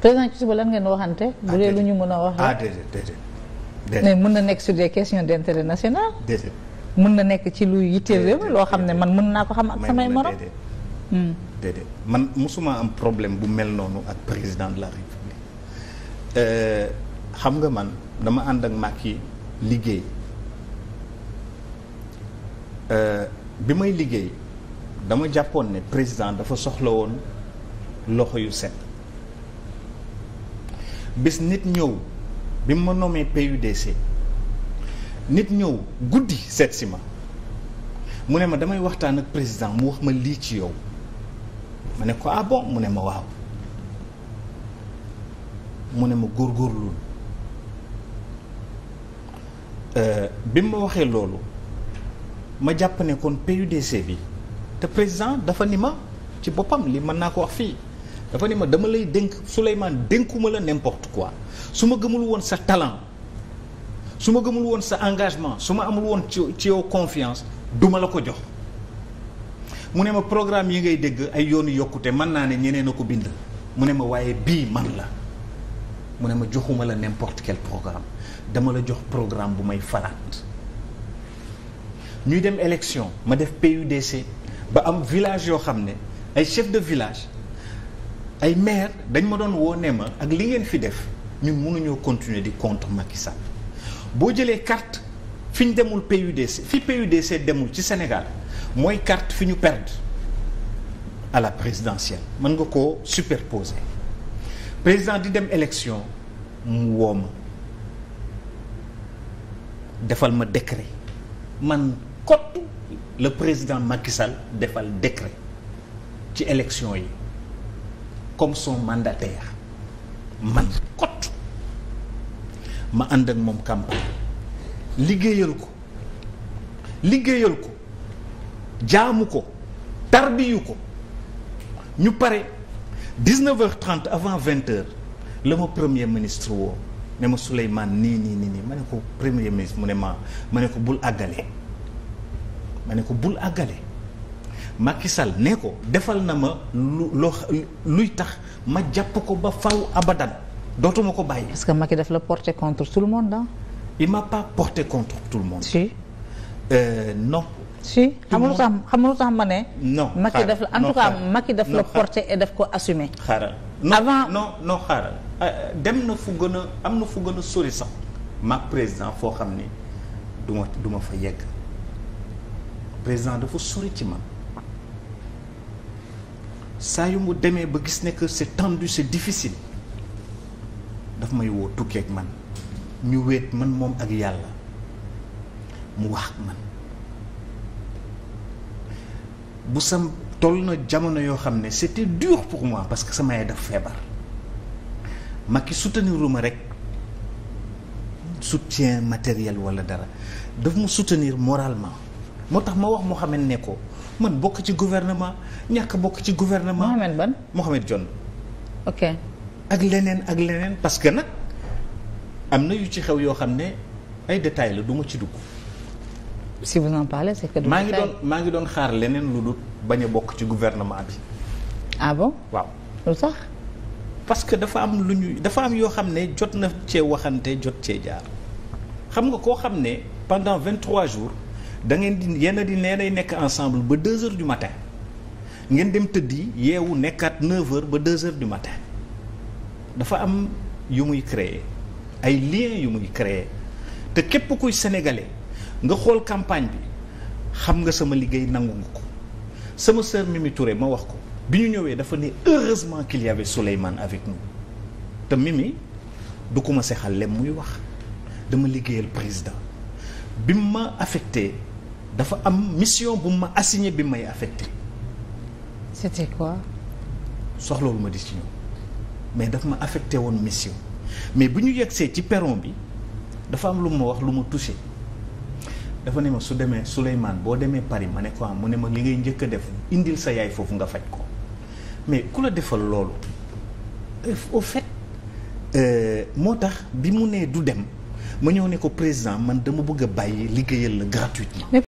président ci suba lan ngeen waxante. Ah, bu dee lu ñu mën a wax. ah déedéet mais mën na nekk sur des questions d' intérêt national. déedéet mën na nekk ci lu yitteel loo xam ne man mën naa ko xam ak samay morom. déedéet hmm. man mosuma am problème bu mel noonu ak président de la république euh, xam nga man dama ànd ak Macky liggéey euh, bi may liggéey dama jàppoon ne président dafa soxla woon loxo yu set. bis nit ñëw bi mu ma nommé PUDC nit ñëw guddi seet si ma mu ne ma damay waxtaan ak président mu wax ma lii ci yow ma ne ko ah bon mu ne ma waaw mu ne ma góorgóorlu euh, bi ma waxee loolu ma jàpp ne kon PUDC bi te président dafa ni ma ci boppam li mën naa ko wax fii dafa ni ma dama lay dénk Souleymane dénkuma la n'importe quoi su ma gëmul woon sa talent su ma gëmul woon sa engagement su ma amul woon ci ci yow confiance duma la ko jox mu ne ma programme yi ngay dégg ay yoonu yokkute man naa ne ñeneen a ko bind mu ne ma waaye bii man la mu ne ma joxuma la n'importe quel programme dama la jox programme bu may falaat ñuy dem élection ma def PUDC ba am village yoo xam ne ay chef de village ay maire dañ ma doon woo ma ak li ngeen fi def ñun mënuñoo continuer di contre Macky Sall boo jëlee carte fi ñu demul PUDC fi PUDC demul ci Sénégal mooy carte fi ñu perdre à la présidentielle mën nga koo superposer président di dem élection mu woo defal ma décret man kott le président Macky Sall defal décret ci élection yi comme son mandataire man kot ma ànd ak moom campagne liggéeyal ko liggéeyal ko jaamu ko tarbiyu ko ñu pare 19 heures 30 avant 20 heures la ma premier ministre woo ne ma Souleymane nii nii nii nii ma ne ko premier ministre mu ne ma ma ne ko bul àggale ma ne ko bul àggale makki Sall nee ko defal na ma lu luy tax ma jàpp ko ba faw abadan dootuma ko bàyyi. parce que Macky daf la porte contre tout le monde ah. il m'a pas porté contre tout le monde. si. Euh, non. si xam nga tax xam nga tax ma ne. non Macky daf la en tout cas Macky daf la porter et daf ko assume xaaral non avant xaaral. Euh, dem na fu gën a am na fu gën a sori sax maag président foo xam ni du ma du ma fa yegg président dafa sori ci man. saa yu mu demee ba gis ne que c'est tendu c'est difficile daf may woo tukkee ak man ñu wéet man moom ak yàlla mu wax ak man bu sam toll na jamono yoo xam ne c'était dur pour moi parce que sama yaay daf feebar ma ki souteniruma rek soutien matériel wala dara daf mu soutenir moralement moo tax ma wax moo xam ne ko man bokk ci gouvernement ñàkk bokk ci gouvernement. Mohamed ban Mohamed Dionne. ok ak leneen ak leneen parce que nag am na yu ci xew yoo xam ne ay détails la du ma ci dugg. si vous en parlez c'est que. maa ngi doon maa ngi doon xaar leneen lu dul bañ a bokk ci gouvernement bi. ah bon waaw lu sax. parce que dafa am lu ñu dafa am yoo xam ne jot na cee waxante jot cee jaar xam nga koo xam ne pendant vingt-trois jours. da ngeen di yenn di nee nay nekk ensemble ba deux heures du matin ngeen dem tëddi yeewu nekkaat neuf heures ba deux heures du matin dafa am yu muy créer ay liens yu muy créer te képp kuy sénégale nga xool campagne bi xam nga sama liggéey nangu nga ko sama sœur Mimi Touré ma wax ko bi ñu ñëwee dafa ne heureusement qu'il y avait avec nous te Mimi du ko ma seexal lem muy wax dama liggéeyal président bi ma affecté dafa am mission bu ma assigné bi may affecté. c'était quoi. soxloolu ma di ci ñëw mais daf ma affecté woon mission mais bu ñu yegsee ci peron bi dafa am lu ma wax lu ma touché dafa ne ma su demee Souleymane boo demee Paris ma ne ko ah, mu ne ma li ngay njëkk a def indil sa yaay foofu nga faj ko mais ku la defal loolu au fait euh, moo tax bi mu nee du dem ma ñëw ne ko président man dama bëgg bàyyi liggéeyal la gratuitement